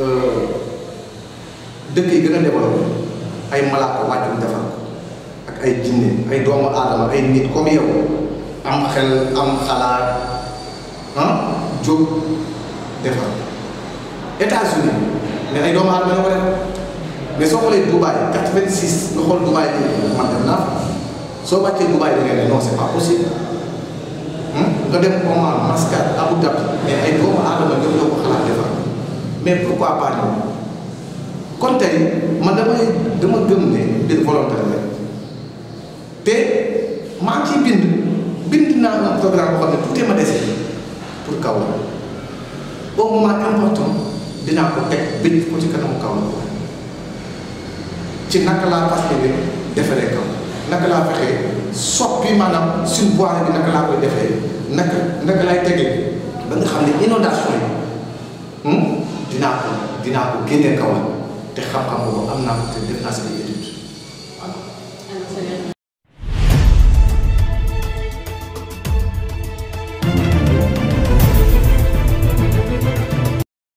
Euh, dëkk yi gën a développé ay malaaka wàccum defar ak ay jinne ay doomu aadama ay nit comme yow am xel am xalaat ah, jóg defar États-Unis nga dem naa fa soo wàccee Dubaï hmm? ay mais pourquoi pas ñoom kon tey man damay dama gëm ne mbir volontaire la te maa ngi ciy bind bind naa am programme boo xam ne tuuti ma dese pour Kaolack au moment important dinaa ko teg bind ko ci kanamu Kaolack ci naka laa passé bi defaree kaw naka laa fexee soppi maanaam suñu voie bi naka laa koy defee naka naka lay tegee ba xam ne inondation yi dinaa ko dinaa ko génne kaw te xam-xam boobu am naa ko te def naa si